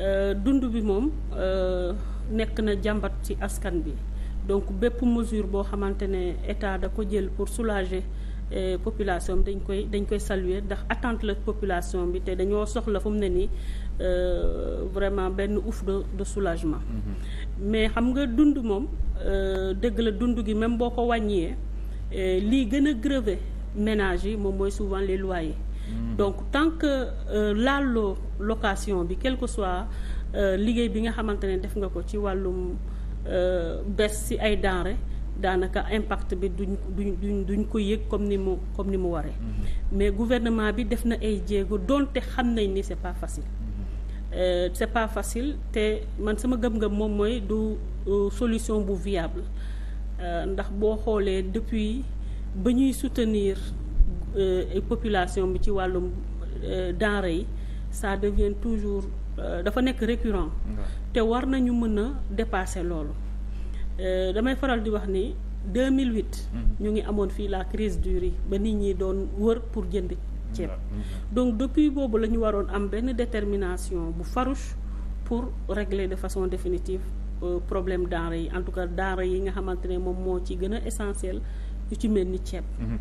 Euh, dund bi moom euh, nekk na jàmbat ci askan bi donc bépp mesure boo xamante ne état da ko jël pour soulager euh, population bi dañ koy dañ koy saluer ndax attente la population bi te dañoo soxla fu mu ne nii vraiment benn ouf de de soulagement. Mm-hmm. mais xam nga dund moom dëgg la dund gi même boo ko wàññee lii gën a grever ménage yi moom mooy souvent les yi Mm-hmm. donc tant que euh, laaloo location bi quel que soit euh, liggéey bi nga xamante ne def nga ko ci wàllum euh, bes si ay danre daanaka impact bi duñ duñ duñ duñ ko yëg comme ni mu comme ni mu waree. Mm-hmm. mais gouvernement bi def na ay jéego donte xam nañ ni c'est pas facile. Mm-hmm. Euh, c'est pas facile te man sama gëm-gëm moom mooy du solution bu viable ndax boo xoolee depuis ba ñuy soutenir Euh, population bi ci wàllum euh, denrée yi sa devient toujours euh, dafa nekk récurrent te war nañu mën a dépasser loolu damay faral di wax ni 2008 mhm. ñu ngi amoon fii la crise du ba nit ñi doon wër pour jënd ceeb donc depuis boobu la ñu waroon am benn détermination bu farouche pour régler de façon définitive problème denrée yi en tout cas denrée yi nga xamante ne moom moo ci gën a essentiel yu ci mel ni ceeb mhm.